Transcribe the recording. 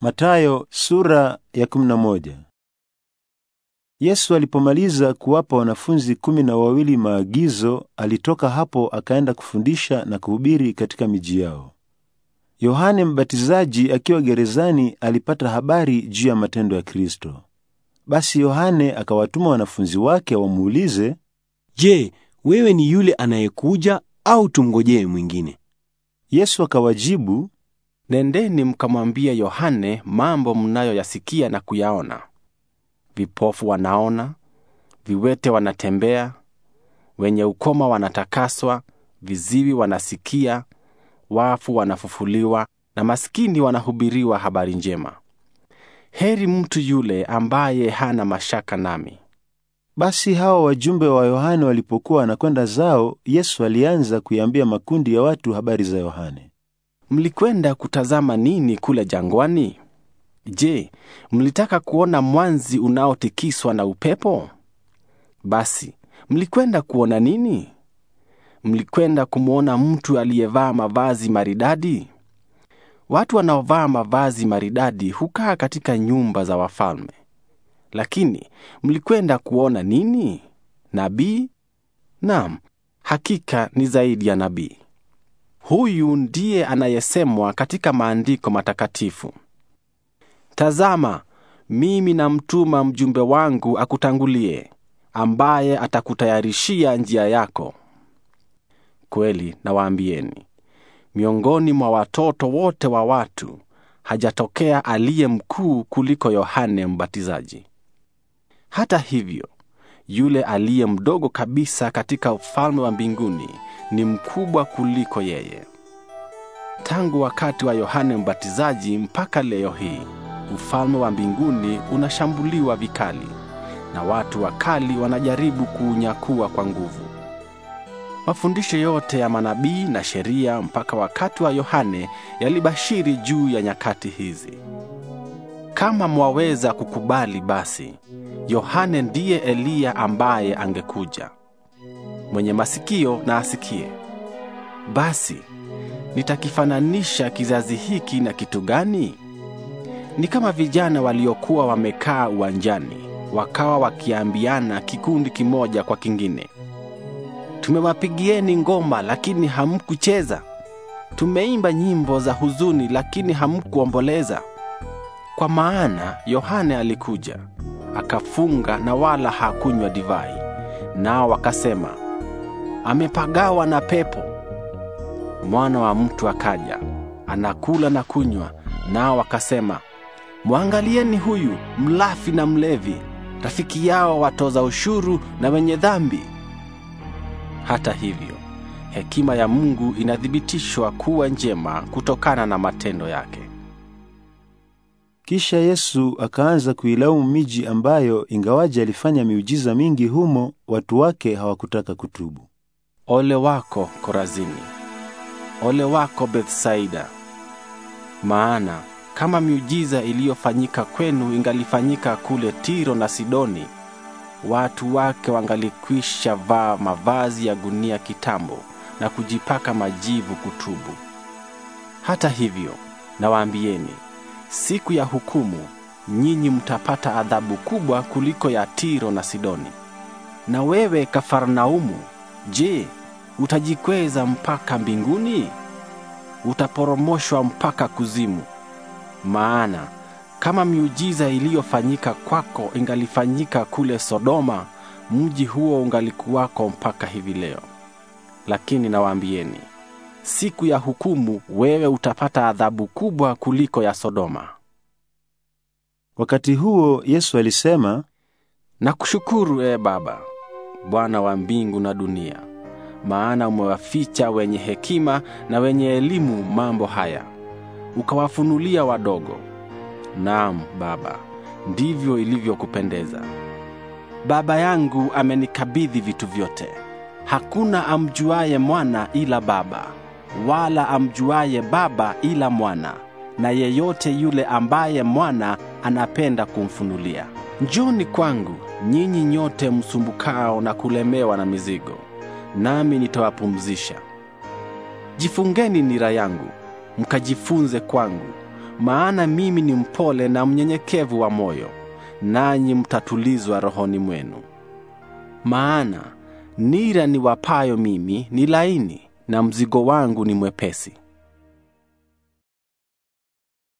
Matayo sura ya kumi na moja. Yesu alipomaliza kuwapa wanafunzi kumi na wawili maagizo, alitoka hapo akaenda kufundisha na kuhubiri katika miji yao. Yohane Mbatizaji akiwa gerezani alipata habari juu ya matendo ya Kristo. Basi Yohane akawatuma wanafunzi wake wamuulize, "Je, wewe ni yule anayekuja au tumngojee mwingine?" Yesu akawajibu, nendeni mkamwambie Yohane mambo mnayoyasikia na kuyaona: vipofu wanaona, viwete wanatembea, wenye ukoma wanatakaswa, viziwi wanasikia, wafu wanafufuliwa, na maskini wanahubiriwa habari njema. Heri mtu yule ambaye hana mashaka nami. Basi hawa wajumbe wa Yohane walipokuwa wanakwenda zao, Yesu alianza kuiambia makundi ya watu habari za Yohane mlikwenda kutazama nini kule jangwani? Je, mlitaka kuona mwanzi unaotikiswa na upepo? Basi, mlikwenda kuona nini? Mlikwenda kumwona mtu aliyevaa mavazi maridadi? Watu wanaovaa mavazi maridadi hukaa katika nyumba za wafalme. Lakini mlikwenda kuona nini? Nabii? Naam, hakika ni zaidi ya nabii. Huyu ndiye anayesemwa katika maandiko matakatifu: Tazama, mimi namtuma mjumbe wangu akutangulie, ambaye atakutayarishia njia yako. Kweli nawaambieni, miongoni mwa watoto wote wa watu hajatokea aliye mkuu kuliko Yohane Mbatizaji. Hata hivyo, yule aliye mdogo kabisa katika ufalme wa mbinguni ni mkubwa kuliko yeye. Tangu wakati wa Yohane Mbatizaji mpaka leo hii, ufalme wa mbinguni unashambuliwa vikali na watu wakali wanajaribu kuunyakua kwa nguvu. Mafundisho yote ya manabii na sheria mpaka wakati wa Yohane yalibashiri juu ya nyakati hizi. Kama mwaweza kukubali basi, Yohane ndiye Eliya ambaye angekuja mwenye masikio na asikie. Basi nitakifananisha kizazi hiki na kitu gani? Ni kama vijana waliokuwa wamekaa uwanjani, wakawa wakiambiana kikundi kimoja kwa kingine, tumewapigieni ngoma lakini hamkucheza, tumeimba nyimbo za huzuni lakini hamkuomboleza. Kwa maana Yohane alikuja akafunga na wala hakunywa divai, nao wakasema amepagawa na pepo. Mwana wa mtu akaja, anakula na kunywa, nao wakasema, mwangalieni huyu mlafi na mlevi, rafiki yao watoza ushuru na wenye dhambi. Hata hivyo, hekima ya Mungu inathibitishwa kuwa njema kutokana na matendo yake. Kisha Yesu akaanza kuilaumu miji ambayo ingawaje alifanya miujiza mingi humo, watu wake hawakutaka kutubu. Ole wako Korazini! Ole wako Bethsaida! Maana kama miujiza iliyofanyika kwenu ingalifanyika kule Tiro na Sidoni, watu wake wangalikwisha vaa mavazi ya gunia kitambo na kujipaka majivu kutubu. Hata hivyo, nawaambieni, siku ya hukumu nyinyi mtapata adhabu kubwa kuliko ya Tiro na Sidoni. Na wewe Kafarnaumu, Je, utajikweza mpaka mbinguni? Utaporomoshwa mpaka kuzimu. Maana kama miujiza iliyofanyika kwako ingalifanyika kule Sodoma, mji huo ungalikuwako mpaka hivi leo. Lakini nawaambieni, siku ya hukumu wewe utapata adhabu kubwa kuliko ya Sodoma. Wakati huo Yesu alisema, nakushukuru ee Baba Bwana wa mbingu na dunia, maana umewaficha wenye hekima na wenye elimu mambo haya, ukawafunulia wadogo. Naam Baba, ndivyo ilivyokupendeza. Baba yangu amenikabidhi vitu vyote. Hakuna amjuaye mwana ila Baba, wala amjuaye Baba ila mwana, na yeyote yule ambaye mwana anapenda kumfunulia. Njoni kwangu nyinyi nyote msumbukao na kulemewa na mizigo, nami nitawapumzisha. Jifungeni nira yangu, mkajifunze kwangu, maana mimi ni mpole na mnyenyekevu wa moyo, nanyi mtatulizwa rohoni mwenu. Maana nira niwapayo mimi ni laini na mzigo wangu ni mwepesi.